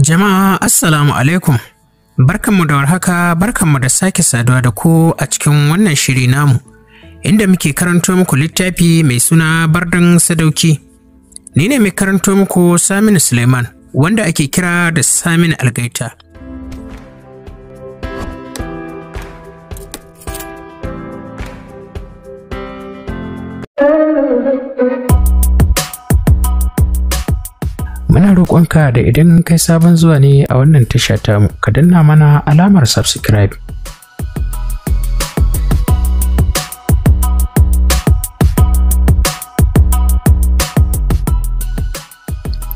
Jama'a Assalamu alaikum. Barkanmu da warhaka, barkanmu da sake saduwa da ku a cikin wannan shiri namu, inda muke karanto muku littafi mai suna Bardan Sadauki. Ni ne mai karanto muku Saminu Suleiman, wanda ake kira da Saminu Algaita. roƙonka da idan kai sabon zuwa ne a wannan tasha tamu ka danna mana alamar subscribe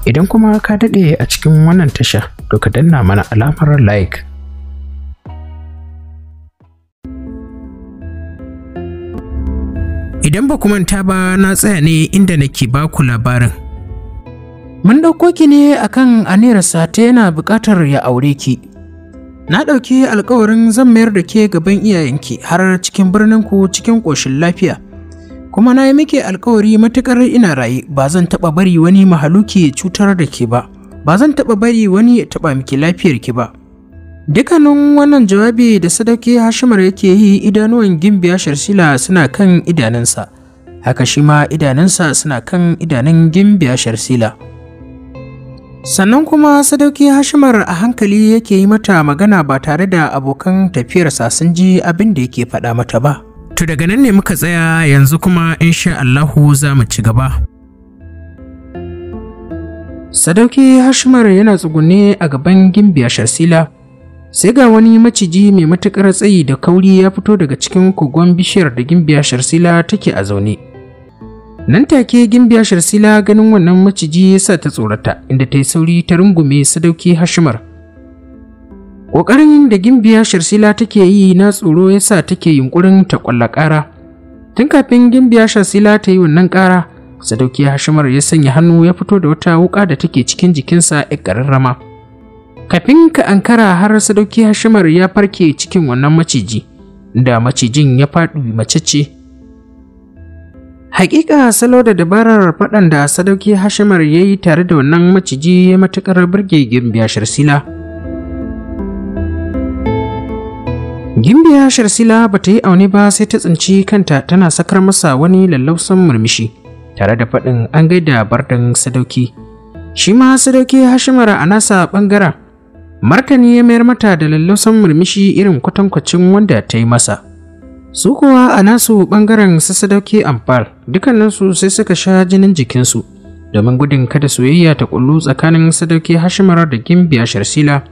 Idan kuma ka daɗe a cikin wannan tasha, to ka danna mana alamar like. Idan ba ku manta ba na tsaya ne inda nake baku labarin Mun ɗauko ki ne akan aniyarsa ta yana buƙatar ya aure ki. Na ɗauki alkawarin zan mayar da ke gaban iyayenki har cikin birnin ku cikin ƙoshin lafiya. Kuma na yi miki alkawari matuƙar ina raye ba zan taɓa bari wani mahaluki cutar da ke ba. Ba zan taɓa bari wani ya taɓa miki lafiyar ki ba. Dukkanin wannan jawabi da sadauki Hashimar yake yi idanuwan gimbiya Sharsila suna kan idanunsa. Haka shi ma idanunsa suna kan idanun gimbiya Sharsila. sannan kuma sadauki hashimar a hankali yake yi mata magana ba tare da abokan tafiyarsa sun ji abin da yake faɗa mata ba to daga nan ne muka tsaya yanzu kuma insha Allahu za mu ci gaba sadauki hashimar yana tsugunne a gaban gimbiya sharsila sai ga wani maciji mai matuƙar tsayi da kauri ya fito daga cikin kogon bishiyar da gimbiya sharsila take a zaune Nan take gimbiya Sharsila ganin wannan maciji ya sa ta tsorata inda ta yi sauri ta rungume sadauki Hashimar. Ƙoƙarin da gimbiya Sharsila take yi na tsoro ya sa take yunkurin ta ƙwalla ƙara. Tun kafin gimbiya Sharsila ta yi wannan ƙara, sadauki Hashimar ya sanya hannu ya fito da wata wuka da take cikin jikinsa garin ƙararrama. Kafin ka ankara har sadauki Hashimar ya farke cikin wannan maciji, da macijin ya faɗi mace ce Hakika salo da dabarar faɗan da sadauki Hashimar ya yi tare da wannan maciji ya matuƙar burge Gimbiya Sharsila. Gimbiya Sharsila ba ta yi aune ba sai ta tsinci kanta tana sakar masa wani lallausan murmushi tare da faɗin an gaida bardan sadauki. Shi ma sadauki Hashimar a nasa ɓangaren Martani ya mayar mata da lallausan murmushi irin kwatankwacin wanda ta yi masa. su kuwa a nasu ɓangaren Sadauki amfar dukkaninsu sai suka sha jinin jikinsu domin gudun kada soyayya ta kullu tsakanin sadauki hashimar da gimbiya sharsila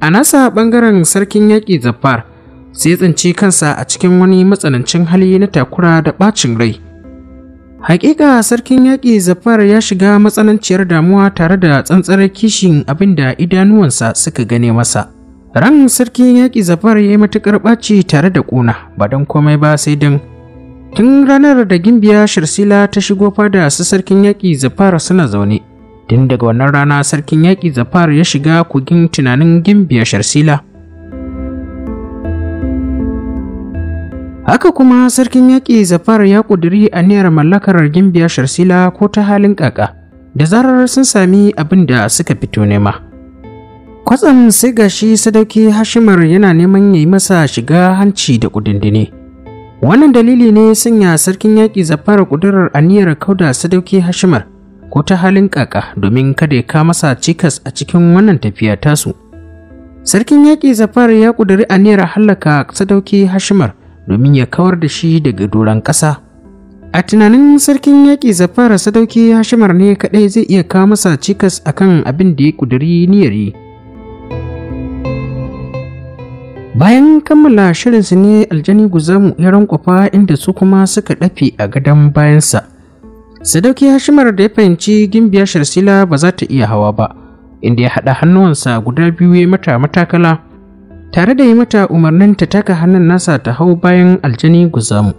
a nasa ɓangaren sarkin yaƙi zafar sai tsinci kansa a cikin wani matsanancin hali na takura da ɓacin rai Haƙiƙa sarkin yaƙi Zafar ya shiga matsananciyar damuwa tare da tsantsarar kishin abinda idanuwansa suka gane masa. Ran sarkin yaƙi Zafar ya yi matuƙar ɓaci tare da ƙuna ba don komai ba sai don tun ranar da gimbiya shirsila ta shigo fada su sarkin yaƙi Zafar suna zaune. Tun daga wannan rana sarkin yaƙi Zafar ya shiga kogin tunanin gimbiya shirsila. Haka kuma sarkin yaƙi Zafar ya ƙudiri aniyar mallakar gimbiya shirsila ko ta halin ƙaƙa da zarar sun sami abin da suka fito nema. Kwatsam sai ga shi sadauki Hashimar yana neman ya yi masa shiga hanci da kudindini Wannan dalili ne sanya sarkin yaƙi zafara ƙudurar aniyar kauda sadauki Hashimar ko ta halin ƙaƙa domin kada ya ka masa cikas a cikin wannan tafiya tasu. Sarkin yaƙi zafar ya ƙudiri aniyar hallaka sadauki Hashimar domin ya kawar da shi daga doron ƙasa. A tunanin sarkin yaƙi zafara sadauki Hashimar ne kaɗai zai iya kawo masa cikas akan abin da ya ƙudiri niyar yi. bayan kammala shirinsu ne aljani guzamu ya rankwafa inda su kuma suka ɗafe a gadon bayansa sadauki hashimar da ya fahimci gimbiya sharsila ba za ta iya hawa ba inda ya haɗa hannuwansa guda biyu ya mata matakala tare da yi mata umarnin ta taka hannun nasa ta hau bayan aljani guzamu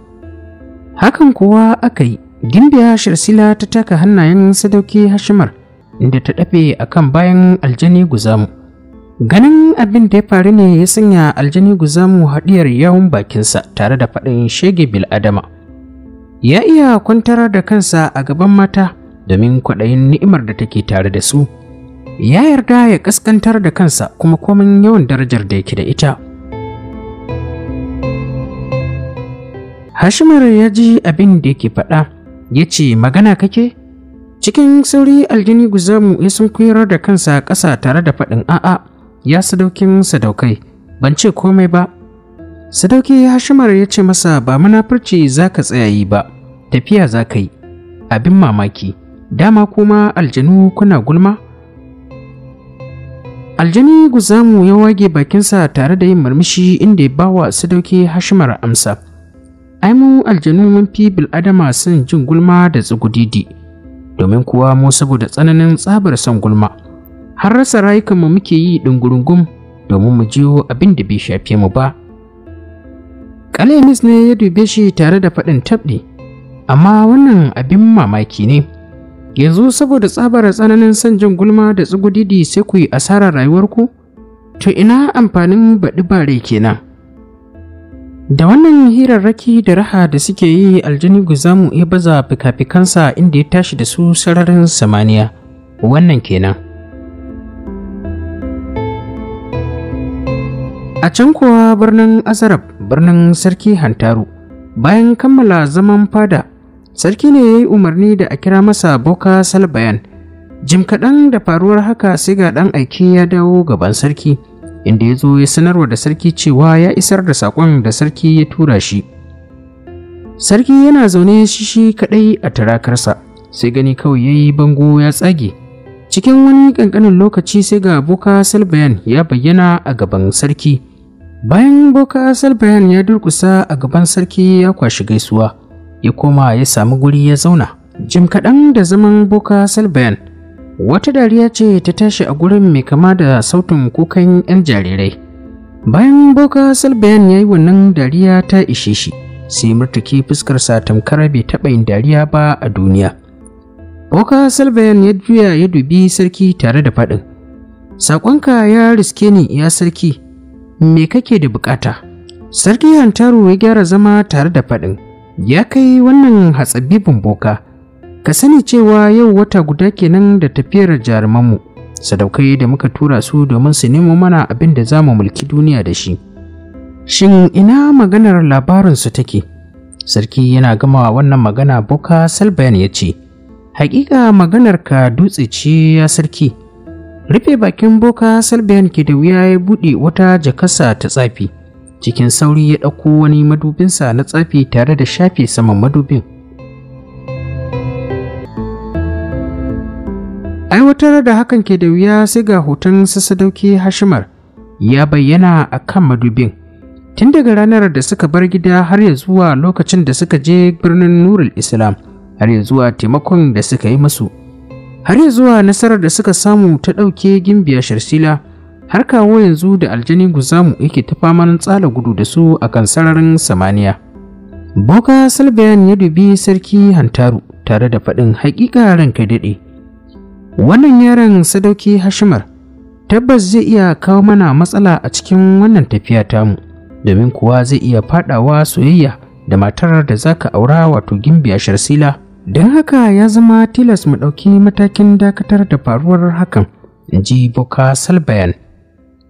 hakan kuwa aka yi gimbiya sharsila ta taka hannayen sadauki hashimar inda ta ɗafe akan bayan aljani guzamu Ganin abin da ya faru ne ya sanya aljani guzamu haɗiyar yawon bakinsa tare da faɗin shege bil'adama. Ya iya kwantar da kansa a gaban mata domin kwaɗayin ni'imar da take tare da su. Ya yarda ya ƙasƙantar da kansa kuma komin yawan darajar da yake da ita. Hashimar ya ji abin da yake faɗa, ya ce magana kake? Cikin sauri aljini guzamu ya sun da kansa ƙasa tare da faɗin a'a. ya sadaukin sadaukai ban ce komai ba sadauki hashimar ya ce masa ba munafurci za ka tsaya yi ba tafiya za ka yi abin mamaki dama kuma aljanu kuna gulma aljani guzamu ya wage bakinsa tare da yin murmushi inda ya bawa sadauki hashimar amsa ai mu aljanu mun fi bil'adama son jin gulma da tsugudidi domin kuwa mu saboda tsananin tsabar son gulma har rasa rayukanmu muke yi ɗungurungun domin mu jiwo abin da bai shafe mu ba Kalemis ne ya dube shi tare da faɗin tabɗe amma wannan abin mamaki ne yanzu saboda tsabar tsananin son jin gulma da tsugudidi sai ku yi asarar rayuwarku to ina amfanin baɗi bare kenan da wannan hirarraki da raha da suke yi aljini guzamu ya baza fikafikansa inda ya tashi da su sararin samaniya wannan kenan A can kuwa birnin Azarab birnin Sarki Hantaru, bayan kammala zaman fada, Sarki ne ya yi umarni da a kira masa Boka Salbayan. Jim kaɗan da faruwar haka sai ga ɗan aiki ya dawo gaban sarki, inda ya zo ya sanarwa da sarki cewa ya isar da saƙon da sarki ya tura shi. Sarki yana zaune shi kaɗai a turakarsa, sai gani kawai ya yi bango ya tsage. Cikin wani ƙanƙanin lokaci sai ga Boka Salbayan ya bayyana a gaban sarki. Bayan boka Salbayan ya durkusa a gaban sarki ya kwashi gaisuwa, ya koma ya samu guri ya zauna. Jim kaɗan da zaman boka Salbayan, wata dariya ce ta tashi a gurin mai kama da sautin kukan 'yan jarirai. Bayan boka Salbayan ya yi wannan dariya ta ishe shi, sai murtuki fuskarsa tamkar bai taɓa yin dariya ba a duniya. Boka Salbayan ya juya ya dubi sarki tare da faɗin. Saƙonka ya riske ni ya sarki, me kake da bukata sarki hantaru ya gyara zama tare da faɗin ya kai wannan hatsabibin boka ka sani cewa yau wata guda kenan da tafiyar jarumanmu sadaukai da muka tura su domin su nemo mana abin da za mu mulki duniya da shi shin ina maganar labarinsu take sarki yana gama wannan magana boka salbayan ya ce hakika maganarka dutse ce ya sarki rufe bakin boka salbiyan ke da wuya ya buɗe wata jakasa ta tsafi cikin sauri ya ɗauko wani madubinsa na tsafi tare da shafe saman madubin aiwatar da hakan ke da wuya sai ga hoton sassadauki hashimar ya bayyana a kan madubin tun daga ranar da suka bar gida har ya zuwa lokacin da suka je birnin nurul islam har ya zuwa taimakon da suka yi masu har zuwa nasarar da suka samu ta ɗauke gimbiya sharsila har kawo yanzu da aljani guzamu yake ta faman tsala gudu da su a kan sararin samaniya boka salbayan ya dubi sarki hantaru tare da faɗin haƙiƙa ranka daɗe wannan yaron sadauki hashimar tabbas zai iya kawo mana matsala a cikin wannan tafiya tamu domin kuwa zai iya faɗawa soyayya da matar da zaka aura wato gimbiya sharsila don haka ya zama tilas mu ɗauki matakin dakatar da faruwar hakan in ji boka bayan.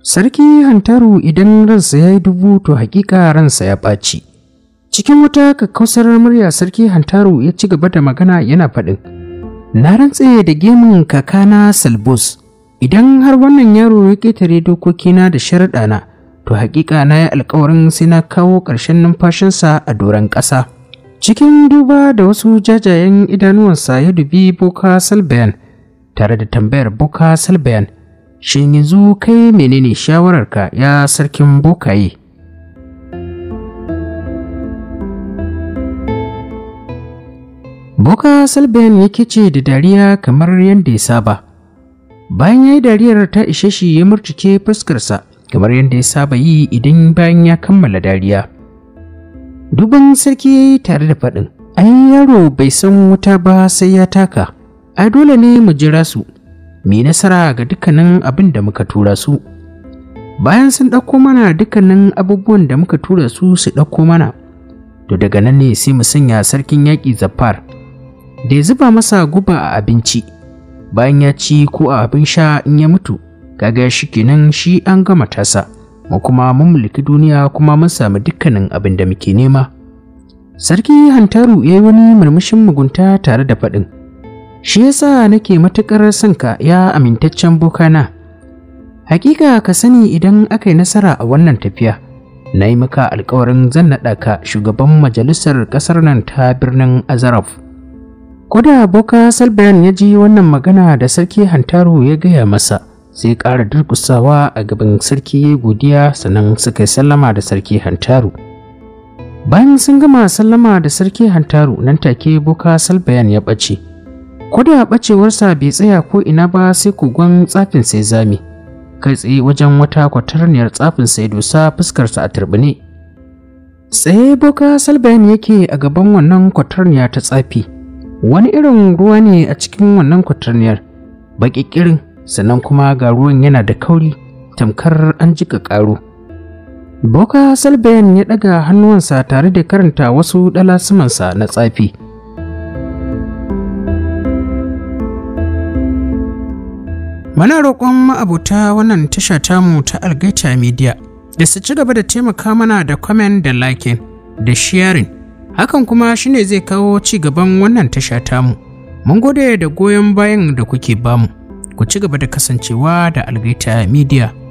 sarki hantaru idan ransa ya yi dubu to hakika ransa ya ɓaci cikin wata kakkausar murya sarki hantaru ya ci gaba da magana yana faɗin na rantse da gemun kakana salbus idan har wannan yaro ya ƙetare dokokina da sharaɗana to hakika na yi alkawarin sai na kawo ƙarshen numfashinsa a doron ƙasa Cikin duba da wasu jajayen idanuwansa ya dubi Boka Salbayan tare da tambayar Boka Salbayan, shin yanzu kai menene shawararka ya sarkin bokaye? Boka Salbayan ya kice da dariya kamar yadda ya saba. Bayan ya yi dariyar ta ishe shi ya murtuke fuskarsa kamar yadda ya saba yi idan bayan ya kammala dariya. duban sarki ya yi tare da faɗin ai yaro bai san wuta ba sai ya taka ai dole ne mu jira su Me nasara ga dukkanin abin da muka tura su bayan sun ɗauko mana dukkanin abubuwan da muka tura su su ɗauko mana to daga nan ne sai mu sanya sarkin yaƙi zafar da ya zuba masa guba a abinci bayan ya ci ko a abin sha in ya mutu kaga shi kenan shi an gama tasa mu kuma mun mulki duniya kuma mun samu dukkanin abin da muke nema sarki hantaru ya yi wani murmushin mugunta tare da faɗin shi yasa nake matuƙar son ka ya amintaccen bokana hakika ka sani idan aka yi nasara a wannan tafiya na yi maka alkawarin zan naɗa ka shugaban majalisar ƙasar nan ta birnin azaraf koda boka salbayan ya ji wannan magana da sarki hantaru ya gaya masa sai ƙara durƙusawa a gaban sarki ya godiya sannan suka yi sallama da sarki hantaru bayan sun gama sallama da sarki hantaru nan take boka salbayan ya ɓace ko da ɓacewarsa bai tsaya ko ina ba sai kogon tsafin sai zame kai tsaye wajen wata kwatarniyar tsafin sai dosa fuskarsa a turbine tsaye boka salbayan yake a gaban wannan kwatarniya ta tsafi wani irin ruwa ne a cikin wannan kwatarniyar baƙiƙirin sannan kuma ga ruwan yana da kauri tamkar an jika karo. boka salbayan ya ɗaga hannuwansa tare da karanta wasu ɗalasumansa na tsafi mana roƙon ma'abuta wannan tasha tamu ta Algaita Media da su ci gaba da taimaka mana da comment da liking da sharing. Hakan kuma shine zai kawo ci gaban wannan tasha tamu. Mun gode da goyon bayan da kuke bamu. ku ci gaba da kasancewa da algaita media